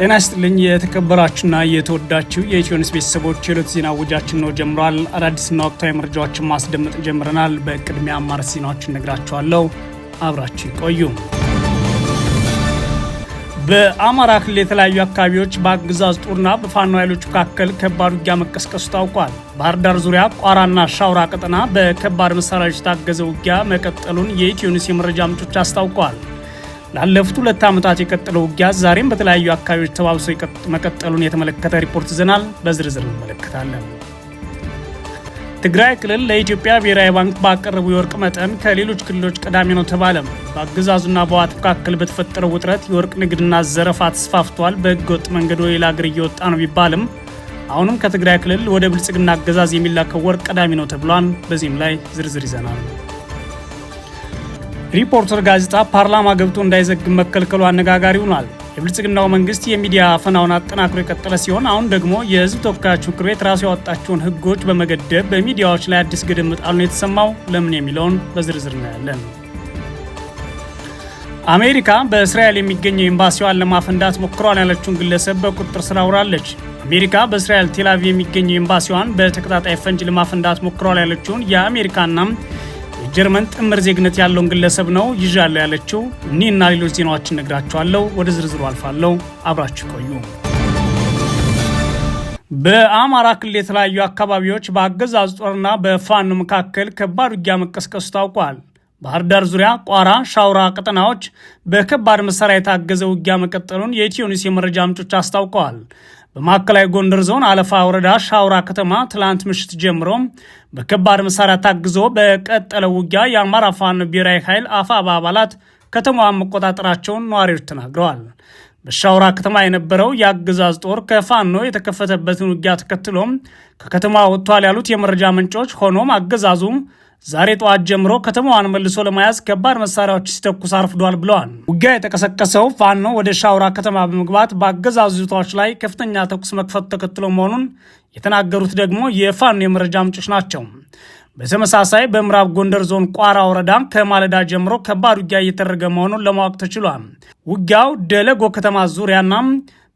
ጤና ይስጥልኝ የተከበራችሁና የተወዳችው የኢትዮኒስ ቤተሰቦች የዕለቱ ዜና ውጃችን ነው ጀምሯል። አዳዲስና ወቅታዊ መረጃዎችን ማስደመጥ ጀምረናል። በቅድሚያ አማር ዜናዎችን ነግራችኋለሁ። አብራችሁ ቆዩ። በአማራ ክልል የተለያዩ አካባቢዎች በአገዛዝ ጦርና በፋኖ ኃይሎች መካከል ከባድ ውጊያ መቀስቀሱ ታውቋል። ባህር ዳር ዙሪያ ቋራና ሻውራ ቀጠና በከባድ መሳሪያዎች የታገዘ ውጊያ መቀጠሉን የኢትዮኒስ የመረጃ ምንጮች አስታውቀዋል። ላለፉት ሁለት ዓመታት የቀጠለው ውጊያ ዛሬም በተለያዩ አካባቢዎች ተባብሶ መቀጠሉን የተመለከተ ሪፖርት ይዘናል። በዝርዝር እንመለከታለን። ትግራይ ክልል ለኢትዮጵያ ብሔራዊ ባንክ ባቀረቡ የወርቅ መጠን ከሌሎች ክልሎች ቀዳሚ ነው ተባለም። በአገዛዙና በዋት መካከል በተፈጠረው ውጥረት የወርቅ ንግድና ዘረፋ ተስፋፍቷል። በህገወጥ መንገድ ወደ ሌላ አገር እየወጣ ነው ቢባልም አሁንም ከትግራይ ክልል ወደ ብልጽግና አገዛዝ የሚላከው ወርቅ ቀዳሚ ነው ተብሏል። በዚህም ላይ ዝርዝር ይዘናል። ሪፖርተር ጋዜጣ ፓርላማ ገብቶ እንዳይዘግብ መከልከሉ አነጋጋሪ ሆኗል። የብልጽግናው መንግስት የሚዲያ አፈናውን አጠናክሮ የቀጠለ ሲሆን አሁን ደግሞ የህዝብ ተወካዮች ምክር ቤት ራሱ ያወጣቸውን ህጎች በመገደብ በሚዲያዎች ላይ አዲስ ገደብ መጣሉን የተሰማው ለምን የሚለውን በዝርዝር እናያለን። አሜሪካ በእስራኤል የሚገኘው ኤምባሲዋን ለማፈንዳት ሞክሯል ያለችውን ግለሰብ በቁጥጥር ስር አውላለች። አሜሪካ በእስራኤል ቴል የሚገኘው ኤምባሲዋን በተቀጣጣይ ፈንጅ ለማፈንዳት ሞክሯል ያለችውን የአሜሪካና የጀርመን ጥምር ዜግነት ያለውን ግለሰብ ነው ይዣለሁ ያለችው። እኒህና ሌሎች ዜናዎችን ነግራችኋለሁ። ወደ ዝርዝሩ አልፋለሁ። አብራችሁ ቆዩ። በአማራ ክልል የተለያዩ አካባቢዎች በአገዛዝ ጦርና በፋኖ መካከል ከባድ ውጊያ መቀስቀሱ ታውቋል። ባህር ዳር ዙሪያ፣ ቋራ፣ ሻውራ ቀጠናዎች በከባድ መሳሪያ የታገዘ ውጊያ መቀጠሉን የኢትዮኒስ የመረጃ ምንጮች አስታውቀዋል። በማዕከላዊ ጎንደር ዞን አለፋ ወረዳ ሻውራ ከተማ ትላንት ምሽት ጀምሮም በከባድ መሳሪያ ታግዞ በቀጠለ ውጊያ የአማራ ፋኖ ብሔራዊ ኃይል አፋባ አባላት ከተማዋን መቆጣጠራቸውን ነዋሪዎች ተናግረዋል። በሻውራ ከተማ የነበረው የአገዛዝ ጦር ከፋኖ የተከፈተበትን ውጊያ ተከትሎም ከከተማ ወጥቷል ያሉት የመረጃ ምንጮች፣ ሆኖም አገዛዙ ዛሬ ጠዋት ጀምሮ ከተማዋን መልሶ ለመያዝ ከባድ መሳሪያዎች ሲተኩስ አርፍዷል ብለዋል። ውጊያ የተቀሰቀሰው ፋኖ ወደ ሻውራ ከተማ በመግባት በአገዛዙ ይዞታዎች ላይ ከፍተኛ ተኩስ መክፈቱ ተከትሎ መሆኑን የተናገሩት ደግሞ የፋኖ የመረጃ ምንጮች ናቸው። በተመሳሳይ በምዕራብ ጎንደር ዞን ቋራ ወረዳም ከማለዳ ጀምሮ ከባድ ውጊያ እየተደረገ መሆኑን ለማወቅ ተችሏል። ውጊያው ደለጎ ከተማ ዙሪያና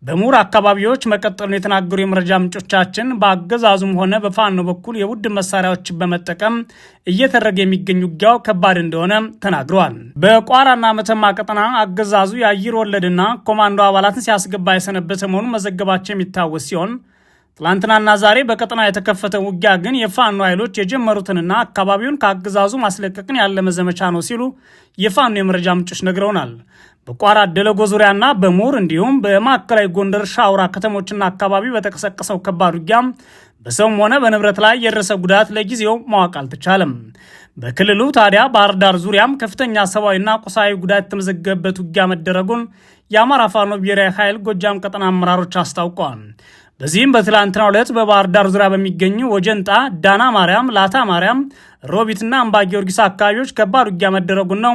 በምሁር አካባቢዎች መቀጠሉን የተናገሩ የመረጃ ምንጮቻችን በአገዛዙም ሆነ በፋኖ በኩል የውድ መሳሪያዎች በመጠቀም እየተደረገ የሚገኝ ውጊያው ከባድ እንደሆነ ተናግረዋል። በቋራና መተማ ቀጠና አገዛዙ የአየር ወለድና ኮማንዶ አባላትን ሲያስገባ የሰነበተ መሆኑን መዘገባቸው የሚታወስ ሲሆን ትላንትናና ዛሬ በቀጠና የተከፈተ ውጊያ ግን የፋኖ ኃይሎች የጀመሩትንና አካባቢውን ከአገዛዙ ማስለቀቅን ያለመ ዘመቻ ነው ሲሉ የፋኖ የመረጃ ምንጮች ነግረውናል። በቋራ ደለጎ ዙሪያና በሙር እንዲሁም በማዕከላዊ ጎንደር ሻውራ ከተሞችና አካባቢ በተቀሰቀሰው ከባድ ውጊያም በሰውም ሆነ በንብረት ላይ የደረሰ ጉዳት ለጊዜው ማወቅ አልተቻለም። በክልሉ ታዲያ ባህር ዳር ዙሪያም ከፍተኛ ሰብአዊና ቁሳዊ ጉዳት የተመዘገበበት ውጊያ መደረጉን የአማራ ፋኖ ብሔራዊ ኃይል ጎጃም ቀጠና አመራሮች አስታውቀዋል። በዚህም በትላንትናው ዕለት በባህር ዳር ዙሪያ በሚገኙ ወጀንጣ፣ ዳና ማርያም፣ ላታ ማርያም፣ ሮቢትና አምባ ጊዮርጊስ አካባቢዎች ከባድ ውጊያ መደረጉን ነው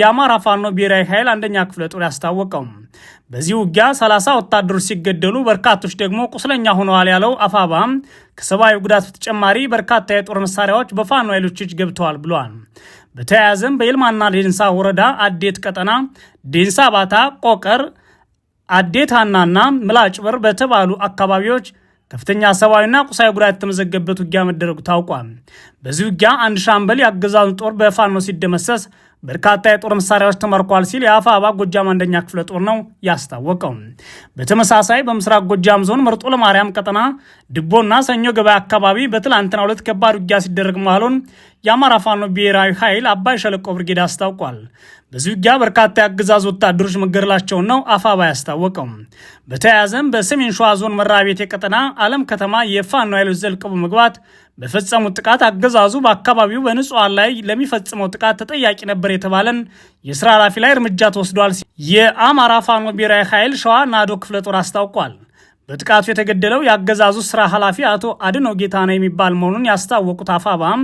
የአማራ ፋኖ ብሔራዊ ኃይል አንደኛ ክፍለ ጦር ያስታወቀው። በዚህ ውጊያ 30 ወታደሮች ሲገደሉ በርካቶች ደግሞ ቁስለኛ ሆነዋል ያለው አፋባ ከሰብአዊ ጉዳት በተጨማሪ በርካታ የጦር መሳሪያዎች በፋኖ ኃይሎች እጅ ገብተዋል ብለዋል። በተያያዘም በይልማና ዴንሳ ወረዳ አዴት ቀጠና ዴንሳ ባታ ቆቀር አዴታናና ምላጭ በር በተባሉ አካባቢዎች ከፍተኛ ሰብአዊና ቁሳዊ ጉዳት የተመዘገበት ውጊያ መደረጉ ታውቋል። በዚህ ውጊያ አንድ ሻምበል የአገዛዙ ጦር በፋኖ ሲደመሰስ በርካታ የጦር መሳሪያዎች ተመርኳል ሲል አባ ጎጃም አንደኛ ክፍለ ጦር ነው ያስታወቀው። በተመሳሳይ በምስራቅ ጎጃም ዞን መርጦ ለማርያም ቀጠና ድቦና ሰኞ ገበያ አካባቢ በትላንትና ሁለት ከባድ ውጊያ ሲደረግ መሆኑን የአማራ ፋኖ ብሔራዊ ኃይል አባይ ሸለቆ ብርጌድ አስታውቋል። በዚህ ውጊያ በርካታ የአገዛዝ ወታደሮች መገደላቸውን ነው አፋባ ያስታወቀው። በተያያዘም በሰሜን ሸዋ ዞን መራቤቴ ቀጠና አለም ከተማ የፋኖ ኃይሎች ዘልቀው በመግባት በፈጸሙት ጥቃት አገዛዙ በአካባቢው በንጹሐን ላይ ለሚፈጽመው ጥቃት ተጠያቂ ነበር የተባለን የስራ ኃላፊ ላይ እርምጃ ተወስዷል የአማራ ፋኖ ብሔራዊ ኃይል ሸዋ ናዶ ክፍለ ጦር አስታውቋል። በጥቃቱ የተገደለው የአገዛዙ ስራ ኃላፊ አቶ ጌታ ነው የሚባል መሆኑን ያስታወቁት አፋባም።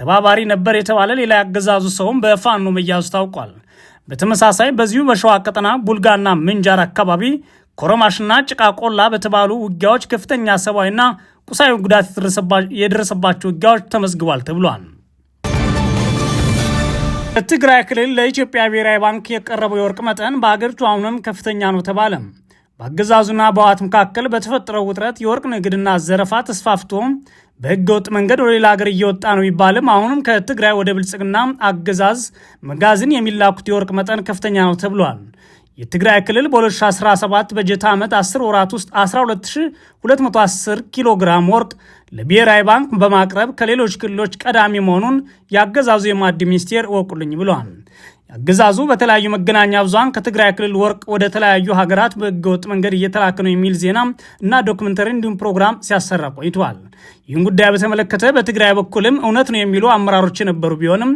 ተባባሪ ነበር የተባለ ሌላ ያገዛዙ ሰውም በፋኖ መያዙ ታውቋል። በተመሳሳይ በዚሁ በሸዋ ቀጠና ቡልጋና ምንጃር አካባቢ ኮረማሽና ጭቃ ቆላ በተባሉ ውጊያዎች ከፍተኛ ሰብአዊና ቁሳዊ ጉዳት የደረሰባቸው ውጊያዎች ተመዝግቧል ተብሏል። በትግራይ ክልል ለኢትዮጵያ ብሔራዊ ባንክ የቀረበው የወርቅ መጠን በአገሪቱ አሁንም ከፍተኛ ነው ተባለ። በአገዛዙና በዋት መካከል በተፈጠረው ውጥረት የወርቅ ንግድና ዘረፋ ተስፋፍቶ በህገ ወጥ መንገድ ወደ ሌላ ሀገር እየወጣ ነው ቢባልም አሁንም ከትግራይ ወደ ብልጽግና አገዛዝ መጋዘን የሚላኩት የወርቅ መጠን ከፍተኛ ነው ተብሏል። የትግራይ ክልል በ2017 በጀት ዓመት 10 ወራት ውስጥ 12210 ኪሎ ግራም ወርቅ ለብሔራዊ ባንክ በማቅረብ ከሌሎች ክልሎች ቀዳሚ መሆኑን የአገዛዙ የማዕድ ሚኒስቴር እወቁልኝ ብሏል። አገዛዙ በተለያዩ መገናኛ ብዙሃን ከትግራይ ክልል ወርቅ ወደ ተለያዩ ሀገራት በህገወጥ መንገድ እየተላከ ነው የሚል ዜና እና ዶክመንተሪ እንዲሁም ፕሮግራም ሲያሰራ ቆይቷል። ይህን ጉዳይ በተመለከተ በትግራይ በኩልም እውነት ነው የሚሉ አመራሮች የነበሩ ቢሆንም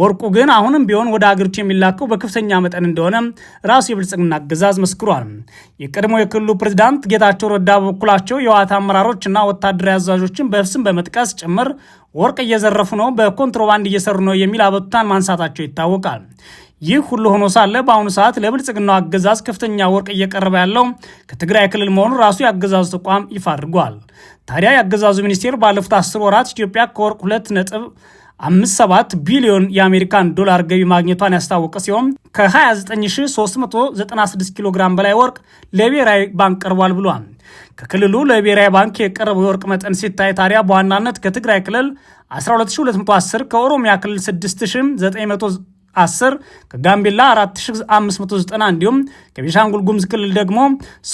ወርቁ ግን አሁንም ቢሆን ወደ አገሪቱ የሚላከው በከፍተኛ መጠን እንደሆነ ራሱ የብልጽግና አገዛዝ መስክሯል። የቀድሞ የክልሉ ፕሬዚዳንት ጌታቸው ረዳ በበኩላቸው የህወሓት አመራሮችና ወታደራዊ አዛዦችን በስም በመጥቀስ ጭምር ወርቅ እየዘረፉ ነው፣ በኮንትሮባንድ እየሰሩ ነው የሚል አቤቱታን ማንሳታቸው ይታወቃል። ይህ ሁሉ ሆኖ ሳለ በአሁኑ ሰዓት ለብልጽግናው አገዛዝ ከፍተኛ ወርቅ እየቀረበ ያለው ከትግራይ ክልል መሆኑ ራሱ የአገዛዙ ተቋም ይፋ አድርጓል። ታዲያ የአገዛዙ ሚኒስቴር ባለፉት አስር ወራት ኢትዮጵያ ከወርቅ ሁለት ነጥብ አምስት ሰባት ቢሊዮን የአሜሪካን ዶላር ገቢ ማግኘቷን ያስታወቀ ሲሆን ከ29396 ኪሎ ግራም በላይ ወርቅ ለብሔራዊ ባንክ ቀርቧል ብሏል። ከክልሉ ለብሔራዊ ባንክ የቀረበው የወርቅ መጠን ሲታይ ታዲያ በዋናነት ከትግራይ ክልል 12210፣ ከኦሮሚያ ክልል 6990 10 ከጋምቤላ 4590 እንዲሁም ከቤንሻንጉል ጉሙዝ ክልል ደግሞ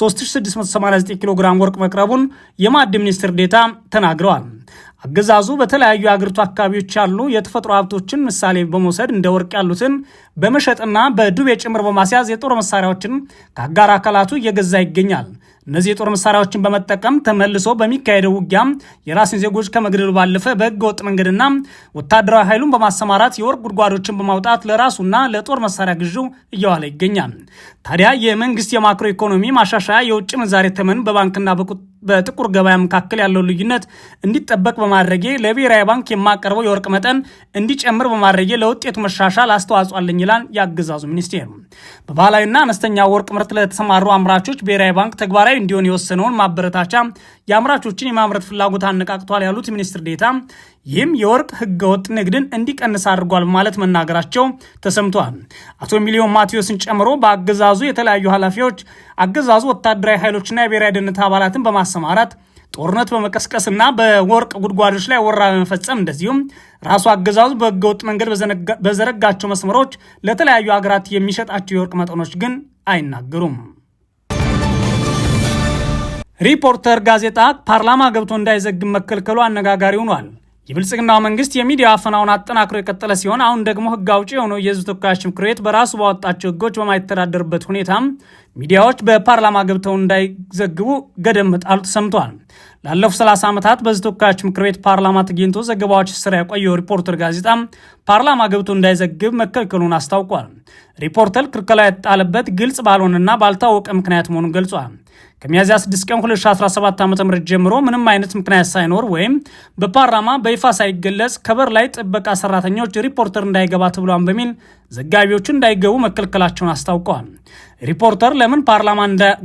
3689 ኪሎ ግራም ወርቅ መቅረቡን የማዕድን ሚኒስትር ዴታ ተናግረዋል። አገዛዙ በተለያዩ የአገሪቱ አካባቢዎች ያሉ የተፈጥሮ ሀብቶችን ምሳሌ በመውሰድ እንደ ወርቅ ያሉትን በመሸጥና በዱቤ ጭምር በማስያዝ የጦር መሳሪያዎችን ከአጋር አካላቱ እየገዛ ይገኛል። እነዚህ የጦር መሳሪያዎችን በመጠቀም ተመልሶ በሚካሄደው ውጊያ የራሱን ዜጎች ከመግደሉ ባለፈ በህገ ወጥ መንገድና ወታደራዊ ኃይሉን በማሰማራት የወርቅ ጉድጓዶችን በማውጣት ለራሱና ለጦር መሳሪያ ግዢው እየዋለ ይገኛል። ታዲያ የመንግስት የማክሮ ኢኮኖሚ ማሻሻያ የውጭ ምንዛሬ ተመን በባንክና በቁጥ በጥቁር ገበያ መካከል ያለው ልዩነት እንዲጠበቅ በማድረጌ ለብሔራዊ ባንክ የማቀርበው የወርቅ መጠን እንዲጨምር በማድረጌ ለውጤቱ መሻሻል አስተዋጽኦ አለኝ ይላል የአገዛዙ ሚኒስቴር። በባህላዊና አነስተኛ ወርቅ ምርት ለተሰማሩ አምራቾች ብሔራዊ ባንክ ተግባራዊ እንዲሆን የወሰነውን ማበረታቻ የአምራቾችን የማምረት ፍላጎት አነቃቅቷል ያሉት ሚኒስትር ዴታ ይህም የወርቅ ህገወጥ ንግድን እንዲቀንስ አድርጓል በማለት መናገራቸው ተሰምቷል። አቶ ሚሊዮን ማቴዎስን ጨምሮ በአገዛዙ የተለያዩ ኃላፊዎች አገዛዙ ወታደራዊ ኃይሎችና የብሔራዊ ደህንነት አባላትን በማሰማራት ጦርነት በመቀስቀስና በወርቅ ጉድጓዶች ላይ ወራ በመፈጸም እንደዚሁም ራሱ አገዛዙ በህገወጥ መንገድ በዘረጋቸው መስመሮች ለተለያዩ ሀገራት የሚሸጣቸው የወርቅ መጠኖች ግን አይናገሩም። ሪፖርተር ጋዜጣ ፓርላማ ገብቶ እንዳይዘግብ መከልከሉ አነጋጋሪ ሆኗል። የብልጽግናው መንግስት የሚዲያ አፈናውን አጠናክሮ የቀጠለ ሲሆን አሁን ደግሞ ህግ አውጪ የሆነው የህዝብ ተወካዮች ምክር ቤት በራሱ ባወጣቸው ህጎች በማይተዳደርበት ሁኔታም ሚዲያዎች በፓርላማ ገብተው እንዳይዘግቡ ገደብ መጣሉ ተሰምቷል። ላለፉት 30 ዓመታት በዚህ ተወካዮች ምክር ቤት ፓርላማ ተገኝቶ ዘገባዎች ስራ ያቆየው ሪፖርተር ጋዜጣ ፓርላማ ገብቶ እንዳይዘግብ መከልከሉን አስታውቋል። ሪፖርተር ክልከላ የተጣለበት ግልጽ ባልሆነና ባልታወቀ ምክንያት መሆኑን ገልጿል። ከሚያዝያ 6 ቀን 2017 ዓ ም ጀምሮ ምንም አይነት ምክንያት ሳይኖር ወይም በፓርላማ በይፋ ሳይገለጽ ከበር ላይ ጥበቃ ሰራተኞች ሪፖርተር እንዳይገባ ተብሏን በሚል ዘጋቢዎቹ እንዳይገቡ መከልከላቸውን አስታውቀዋል። ሪፖርተር ለምን ፓርላማ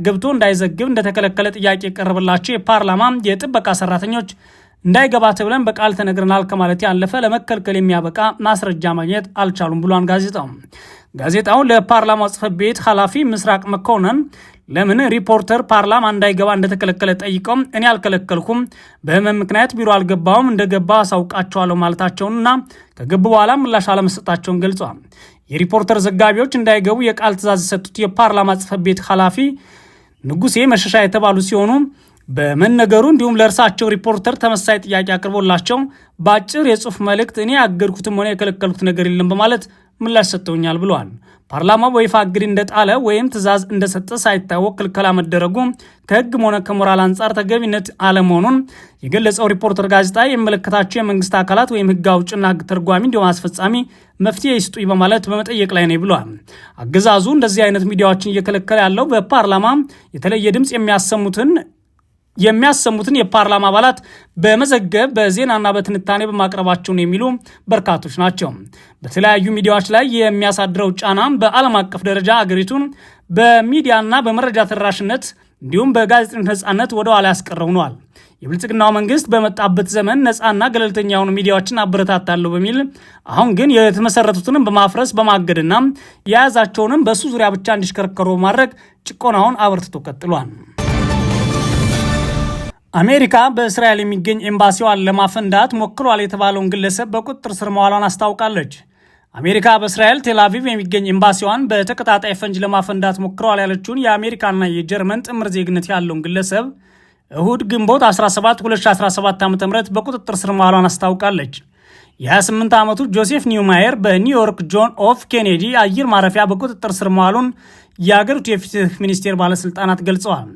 ገብቶ እንዳይዘግብ እንደተከለከለ ጥያቄ የቀረበላቸው የፓርላማ የጥበቃ ሰራተኞች እንዳይገባ ተብለን በቃል ተነግረናል ከማለት ያለፈ ለመከልከል የሚያበቃ ማስረጃ ማግኘት አልቻሉም ብሏን ጋዜጣው። ጋዜጣው ለፓርላማው ጽፈት ቤት ኃላፊ ምስራቅ መኮንን ለምን ሪፖርተር ፓርላማ እንዳይገባ እንደተከለከለ ጠይቀው እኔ አልከለከልኩም፣ በህመም ምክንያት ቢሮ አልገባውም፣ እንደገባ አሳውቃቸዋለሁ ማለታቸውንና ከገቡ በኋላ ምላሽ አለመሰጣቸውን ገልጿል። የሪፖርተር ዘጋቢዎች እንዳይገቡ የቃል ትዛዝ የሰጡት የፓርላማ ጽህፈት ቤት ኃላፊ ንጉሴ መሸሻ የተባሉ ሲሆኑ በመነገሩ እንዲሁም ለእርሳቸው ሪፖርተር ተመሳይ ጥያቄ አቅርቦላቸው በአጭር የጽሁፍ መልእክት እኔ ያገድኩትም ሆነ የከለከልኩት ነገር የለም በማለት ምላሽ ሰጥተውኛል ብለዋል። ፓርላማው በይፋ እግድ እንደጣለ ወይም ትዕዛዝ እንደሰጠ ሳይታወቅ ክልከላ መደረጉ ከሕግም ሆነ ከሞራል አንጻር ተገቢነት አለመሆኑን የገለጸው ሪፖርተር ጋዜጣ የሚመለከታቸው የመንግስት አካላት ወይም ህግ አውጭና ህግ ተርጓሚ እንዲሁም አስፈጻሚ መፍትሄ ይስጡኝ በማለት በመጠየቅ ላይ ነው ብሏል። አገዛዙ እንደዚህ አይነት ሚዲያዎችን እየከለከለ ያለው በፓርላማ የተለየ ድምፅ የሚያሰሙትን የሚያሰሙትን የፓርላማ አባላት በመዘገብ በዜናና በትንታኔ ነው የሚሉ በርካቶች ናቸው። በተለያዩ ሚዲያዎች ላይ የሚያሳድረው ጫናም በዓለም አቀፍ ደረጃ አገሪቱን በሚዲያና በመረጃ ተደራሽነት እንዲሁም በጋዜጠኞች ነጻነት ወደ ኋላ ያስቀረው ነዋል። የብልጽግናው መንግስት በመጣበት ዘመን ነጻና ገለልተኛ የሆኑ ሚዲያዎችን አበረታታለሁ በሚል አሁን ግን የተመሰረቱትንም በማፍረስ በማገድና የያዛቸውንም በእሱ ዙሪያ ብቻ እንዲሽከረከሩ በማድረግ ጭቆናውን አበርትቶ ቀጥሏል። አሜሪካ በእስራኤል የሚገኝ ኤምባሲዋን ለማፈንዳት ሞክሯል የተባለውን ግለሰብ በቁጥጥር ስር መዋሏን አስታውቃለች። አሜሪካ በእስራኤል ቴልአቪቭ የሚገኝ ኤምባሲዋን በተቀጣጣይ ፈንጅ ለማፈንዳት ሞክረዋል ያለችውን የአሜሪካና የጀርመን ጥምር ዜግነት ያለውን ግለሰብ እሁድ ግንቦት 17 2017 ዓ ም በቁጥጥር ስር መዋሏን አስታውቃለች። የ28 ዓመቱ ጆሴፍ ኒውማየር በኒውዮርክ ጆን ኦፍ ኬኔዲ አየር ማረፊያ በቁጥጥር ስር መዋሉን የአገሪቱ የፍትህ ሚኒስቴር ባለስልጣናት ገልጸዋል።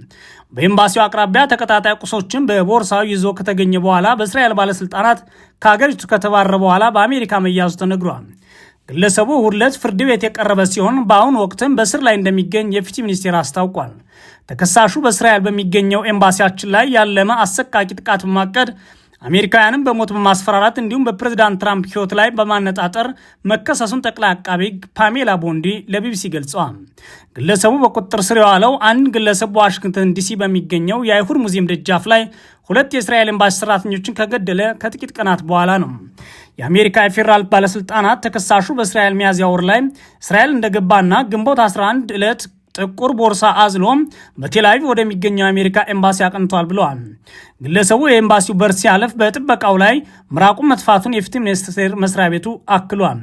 በኤምባሲው አቅራቢያ ተቀጣጣይ ቁሶችን በቦርሳው ይዞ ከተገኘ በኋላ በእስራኤል ባለስልጣናት ከአገሪቱ ከተባረረ በኋላ በአሜሪካ መያዙ ተነግሯል። ግለሰቡ እሁድ ዕለት ፍርድ ቤት የቀረበ ሲሆን በአሁኑ ወቅትም በስር ላይ እንደሚገኝ የፍትህ ሚኒስቴር አስታውቋል። ተከሳሹ በእስራኤል በሚገኘው ኤምባሲያችን ላይ ያለመ አሰቃቂ ጥቃት በማቀድ አሜሪካውያንም በሞት በማስፈራራት እንዲሁም በፕሬዚዳንት ትራምፕ ህይወት ላይ በማነጣጠር መከሰሱን ጠቅላይ አቃቤ ፓሜላ ቦንዲ ለቢቢሲ ገልጸዋል። ግለሰቡ በቁጥጥር ስር የዋለው አንድ ግለሰብ በዋሽንግተን ዲሲ በሚገኘው የአይሁድ ሙዚየም ደጃፍ ላይ ሁለት የእስራኤል ኤምባሲ ሰራተኞችን ከገደለ ከጥቂት ቀናት በኋላ ነው። የአሜሪካ የፌዴራል ባለስልጣናት ተከሳሹ በእስራኤል ሚያዝያ ወር ላይ እስራኤል እንደገባና ግንቦት 11 ዕለት ጥቁር ቦርሳ አዝሎም በቴልአቪቭ ወደሚገኘው የአሜሪካ ኤምባሲ አቅንቷል ብለዋል። ግለሰቡ የኤምባሲው በር ሲያለፍ በጥበቃው ላይ ምራቁን መጥፋቱን የፍትህ ሚኒስቴር መስሪያ ቤቱ አክሏል።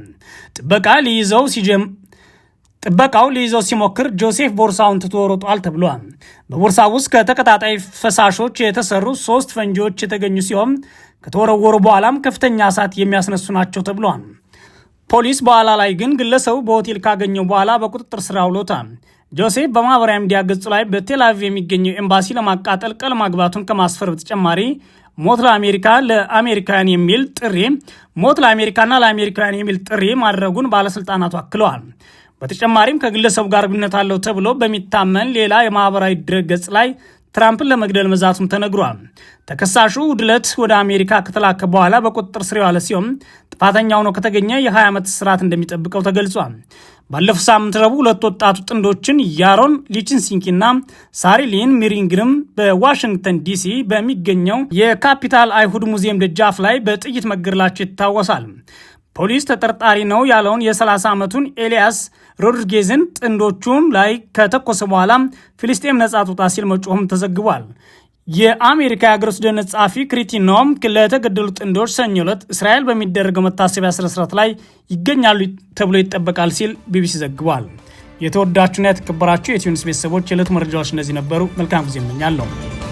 ጥበቃ ሊይዘው ሲጀም ጥበቃው ሊይዘው ሲሞክር ጆሴፍ ቦርሳውን ትቶ ሮጧል ተብሏል። በቦርሳ ውስጥ ከተቀጣጣይ ፈሳሾች የተሰሩ ሶስት ፈንጂዎች የተገኙ ሲሆን ከተወረወሩ በኋላም ከፍተኛ እሳት የሚያስነሱ ናቸው ተብሏል። ፖሊስ በኋላ ላይ ግን ግለሰቡ በሆቴል ካገኘው በኋላ በቁጥጥር ስር አውሎታል። ጆሴፍ በማህበራዊ ሚዲያ ገጹ ላይ በቴልአቪቭ የሚገኘው ኤምባሲ ለማቃጠል ቃል ማግባቱን ከማስፈር በተጨማሪ ሞት ለአሜሪካ ለአሜሪካውያን የሚል ጥሪ ሞት ለአሜሪካና ለአሜሪካውያን የሚል ጥሪ ማድረጉን ባለስልጣናቱ አክለዋል። በተጨማሪም ከግለሰቡ ጋር ግንኙነት አለው ተብሎ በሚታመን ሌላ የማህበራዊ ድረገጽ ገጽ ላይ ትራምፕን ለመግደል መዛቱም ተነግሯል። ተከሳሹ ውድለት ወደ አሜሪካ ከተላከ በኋላ በቁጥጥር ስር የዋለ ሲሆን ጥፋተኛ ሆኖ ከተገኘ የ20 ዓመት እስራት እንደሚጠብቀው ተገልጿል። ባለፈው ሳምንት ረቡዕ ሁለት ወጣቱ ጥንዶችን ያሮን ሊችንሲንኪና ሳሪሊን ሚሪንግንም በዋሽንግተን ዲሲ በሚገኘው የካፒታል አይሁድ ሙዚየም ደጃፍ ላይ በጥይት መገደላቸው ይታወሳል። ፖሊስ ተጠርጣሪ ነው ያለውን የ30 ዓመቱን ኤልያስ ሮድሪጌዝን ጥንዶቹን ላይ ከተኮሰ በኋላ ፊልስጤም ነጻ ትውጣ ሲል መጮሁም ተዘግቧል። የአሜሪካ የአገር ውስጥ ደህንነት ጸሐፊ ኖም ለተገደሉ ጥንዶች ሰኞ ዕለት እስራኤል በሚደረገው መታሰቢያ ስነስርዓት ላይ ይገኛሉ ተብሎ ይጠበቃል ሲል ቢቢሲ ዘግቧል። የተወዳችሁና የተከበራችሁ የኢትዮኒውስ ቤተሰቦች የዕለቱ መረጃዎች እነዚህ ነበሩ። መልካም ጊዜ እመኛለሁ።